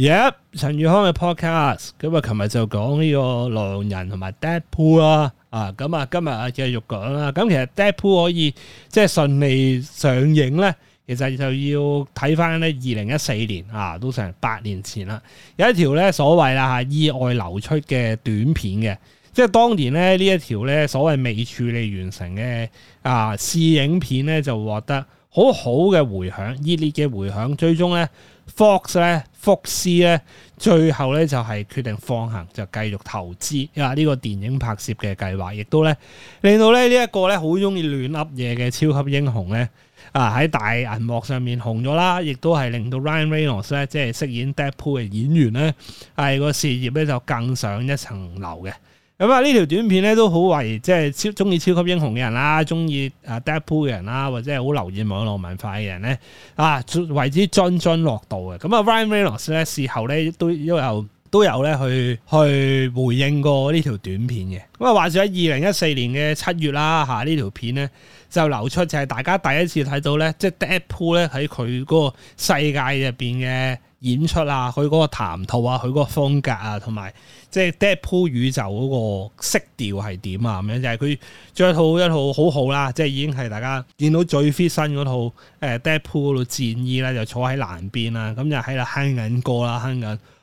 耶！Yep, 陳宇康嘅 podcast，咁啊，琴日就講呢個《狼人》同埋《Deadpool》啦。啊，咁啊，今日啊繼續講啦。咁其實《Deadpool》可以即係、就是、順利上映咧，其實就要睇返咧，二零一四年啊，都成八年前啦。有一條咧所謂啦嚇、啊、意外流出嘅短片嘅、啊，即係當年咧呢一條咧所謂未處理完成嘅啊試影片咧就獲得。好好嘅回響，熱烈嘅回響，最終呢 Fox 呢，福斯呢最後呢，就係決定放行，就繼續投資啊呢個電影拍攝嘅計劃，亦都呢，令到呢呢一個呢好鍾意亂噏嘢嘅超級英雄呢，啊喺大銀幕上面紅咗啦，亦都係令到 Ryan Reynolds 呢，即係飾演 Deadpool 嘅演員呢，係個事業呢就更上一層樓嘅。咁啊，呢條短片咧都好為即係超鍾意超級英雄嘅人啦，鍾意啊 Deadpool 嘅人啦，或者係好留意網絡文化嘅人咧，啊為之津津樂道嘅。咁啊，Ryan Reynolds 咧事後咧都都有。都有咧去去回應過呢條短片嘅。咁啊，話說喺二零一四年嘅七月啦，嚇呢條片咧就流出就係大家第一次睇到咧，即係 Deadpool 咧喺佢嗰個世界入邊嘅演出啊，佢嗰個談吐啊，佢嗰個風格啊，同埋即係 Deadpool 宇宙嗰個色調係點啊咁樣。就係佢著一套一套好好啦，即係已經係大家見到最 fit 身嗰套誒 Deadpool 嗰套戰衣啦，就坐喺南邊啦，咁就喺度哼緊歌啦，哼緊。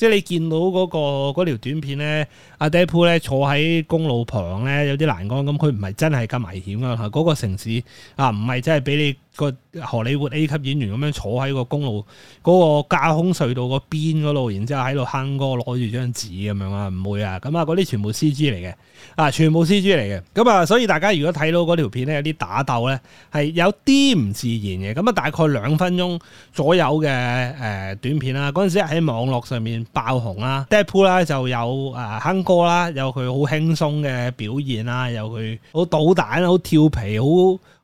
即係你見到嗰個嗰條短片咧，阿 Deadpool 咧坐喺公路旁咧，有啲欄杆咁，佢唔係真係咁危險啊！嗰個城市啊，唔係真係俾你個荷里活 A 級演員咁樣坐喺個公路嗰個架空隧道個邊嗰度，然之後喺度哼歌攞住張紙咁樣啊，唔會啊！咁啊，嗰啲全部 CG 嚟嘅，啊，全部 CG 嚟嘅。咁啊，所以大家如果睇到嗰條片咧有啲打鬥咧係有啲唔自然嘅。咁啊，大概兩分鐘左右嘅誒、呃、短片啦、啊，嗰陣時喺網絡上面。爆紅啦，Deadpool 啦就有誒哼歌啦，呃、哥有佢好輕鬆嘅表現啦， 有佢好搗蛋、好 調皮、好。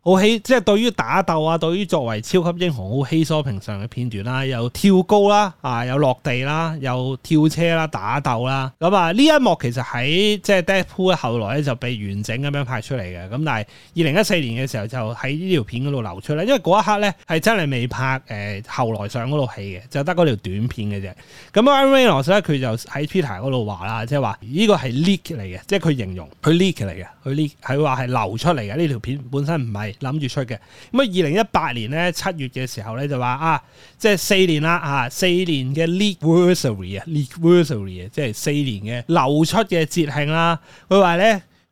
好希，即係對於打鬥啊，對於作為超級英雄好稀疏平常嘅片段啦，又跳高啦，啊，又落地啦，又跳車啦，打鬥啦，咁啊呢一幕其實喺即係 Deadpool 後來咧就被完整咁樣拍出嚟嘅，咁但係二零一四年嘅時候就喺呢條片嗰度流出咧，因為嗰一刻咧係真係未拍誒、呃、後來上嗰度戲嘅，就得嗰條短片嘅啫。咁阿 Reynolds 咧佢就喺 Twitter 嗰度話啦，即係話呢個係 leak 嚟嘅，即係佢形容佢 leak 嚟嘅，佢 leak 係話係流出嚟嘅呢條片本身唔係。諗住出嘅，咁啊，二零一八年咧七月嘅時候咧就話啊，即係四年啦，啊四年嘅 leadversary 啊，leadversary 啊，即係四年嘅流出嘅節慶啦，佢話咧。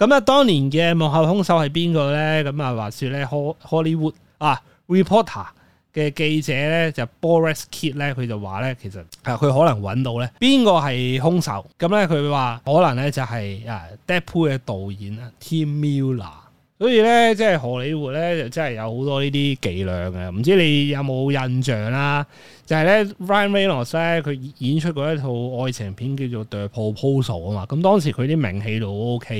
咁啊，當年嘅幕後兇手係邊個咧？咁啊，話說咧，Hollywood 啊，Reporter 嘅記者咧，就是、Boris Kidd 咧，佢就話咧，其實係佢可能揾到咧，邊個係兇手？咁咧，佢話可能咧就係啊，Deadpool 嘅導演 Tim Miller。所以咧，即係荷里活咧，就真係有好多呢啲伎倆嘅。唔知你有冇印象啦、啊？就係、是、咧，Ryan Reynolds 咧，佢演出過一套愛情片叫做《The Proposal》啊嘛。咁當時佢啲名氣都 OK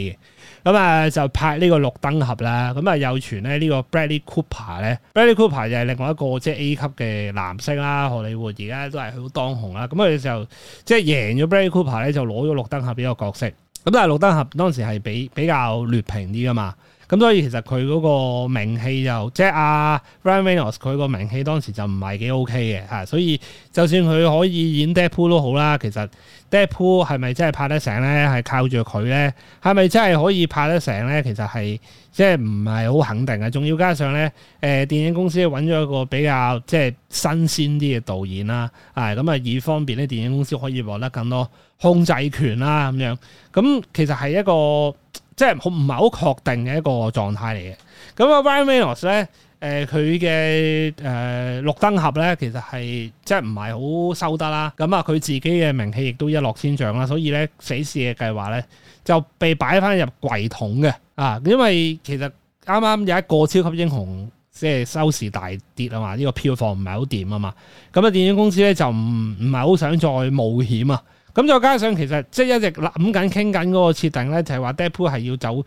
嘅。咁啊，就拍呢個綠燈俠啦。咁啊，又傳咧呢個 Bradley Cooper 咧，Bradley Cooper 就係另外一個即係、就是、A 級嘅男星啦。荷里活而家都係好當紅啦。咁佢就即係贏咗 Bradley Cooper 咧，就攞、是、咗綠燈俠呢個角色。咁但係綠燈俠當時係比比較劣評啲㗎嘛。咁所以其實佢嗰個名氣就即係阿 Ryan Reynolds 佢個名氣當時就唔係幾 OK 嘅嚇、啊，所以就算佢可以演 Deadpool 都好啦。其實 Deadpool 係咪真係拍得成咧？係靠住佢咧？係咪真係可以拍得成咧？其實係即係唔係好肯定嘅。仲要加上咧，誒、呃、電影公司揾咗一個比較即係新鮮啲嘅導演啦，啊咁啊，以方便咧電影公司可以獲得更多控制權啦咁、啊、樣。咁、啊、其實係一個。即係好唔係好確定嘅一個狀態嚟嘅。咁啊，Ryan Reynolds 咧，誒佢嘅誒綠燈俠咧，其實係即係唔係好收得啦。咁啊，佢自己嘅名氣亦都一落千丈啦。所以咧，死侍嘅計劃咧就被擺翻入櫃桶嘅啊。因為其實啱啱有一個超級英雄即係收視大跌啊嘛，呢個票房唔係好掂啊嘛。咁啊，電影公司咧就唔唔係好想再冒險啊。咁再加上其實即係一直諗緊傾緊嗰個設定咧，就係話 Deadpool 係要走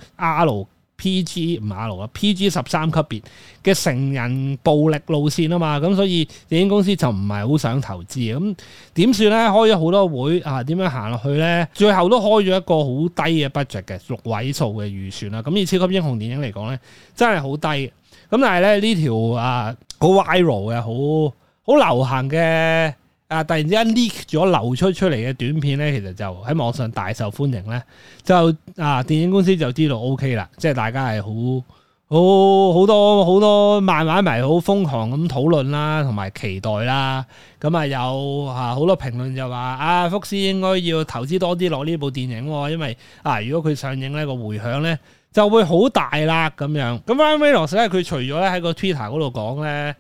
RPG 唔 R 啊，PG 十三級別嘅成人暴力路線啊嘛，咁所以電影公司就唔係好想投資，咁點算咧？開咗好多會啊，點樣行落去咧？最後都開咗一個好低嘅 budget 嘅六位數嘅預算啦。咁以超級英雄電影嚟講咧，真係好低。咁但係咧呢條啊好 viral 嘅，好好流行嘅。啊！突然之間 leak 咗流出出嚟嘅短片咧，其實就喺網上大受歡迎咧，就啊電影公司就知道 OK 啦，即係大家係好好好多好多、多漫畫迷好瘋狂咁討論啦，同埋期待啦，咁、嗯、啊有啊好多評論就話啊福斯應該要投資多啲落呢部電影、哦，因為啊如果佢上映呢、個迴響咧就會好大啦咁樣。咁啊 Ryan 咧佢除咗咧喺個 Twitter 嗰度講咧。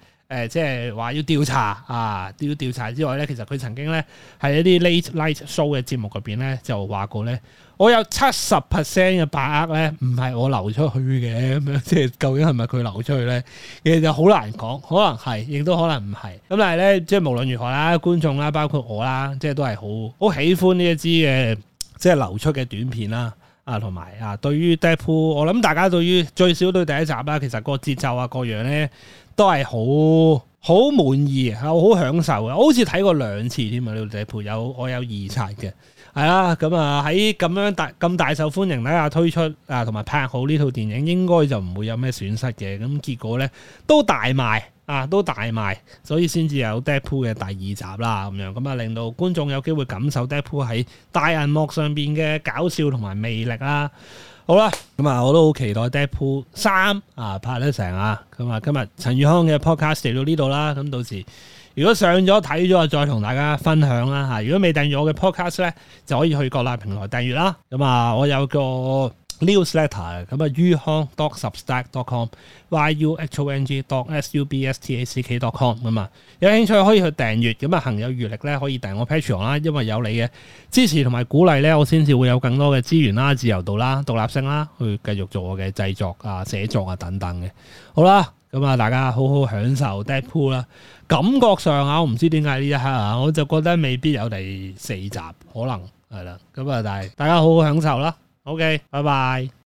誒，即係話要調查啊，要調查之外咧，其實佢曾經咧喺一啲 late night show 嘅節目入邊咧就話過咧，我有七十 percent 嘅把握咧，唔係我流出去嘅咁樣，即係究竟係咪佢流出去咧，其實就好難講，可能係，亦都可能唔係。咁但係咧，即係無論如何啦，觀眾啦，包括我啦，即係都係好好喜歡呢一支嘅即係流出嘅短片啦。啊，同埋啊，對於《Deadpool》，我諗大家對於最少對第一集啦，其實個節奏啊，各樣呢都係好好滿意，好好享受嘅。我好似睇過兩次添、這個、啊，嗯《Deadpool》啊有我有二刷嘅，係啦，咁啊喺咁樣大咁大受歡迎底下推出啊，同埋拍好呢套電影，應該就唔會有咩損失嘅。咁結果呢都大賣。啊，都大賣，所以先至有《Deadpool》嘅第二集啦，咁樣咁啊，令到觀眾有機會感受《Deadpool》喺大銀幕上邊嘅搞笑同埋魅力啦。好啦，咁啊，我都好期待《Deadpool》三啊拍得成啊！咁啊，今日陳宇康嘅 Podcast 嚟到呢度啦，咁到時如果上咗睇咗啊，再同大家分享啦嚇、啊。如果未訂閱我嘅 Podcast 咧，就可以去各大平台訂閱啦。咁啊，我有個 Newsletter 咁啊，Yu Hong Substack.com, Y U H O N G dot S U B S T A C K dot com 啊嘛，有興趣可以去訂閱，咁啊，行有餘力咧，可以訂我 Patreon 啦，因為有你嘅支持同埋鼓勵咧，我先至會有更多嘅資源啦、自由度啦、獨立性啦，去繼續做我嘅製作啊、寫作啊等等嘅。好啦，咁啊，大家好好享受 Deadpool 啦，感覺上啊，我唔知點解呢一刻啊，我就覺得未必有第四集，可能係啦。咁啊，但係大家好好享受啦。OK，拜拜。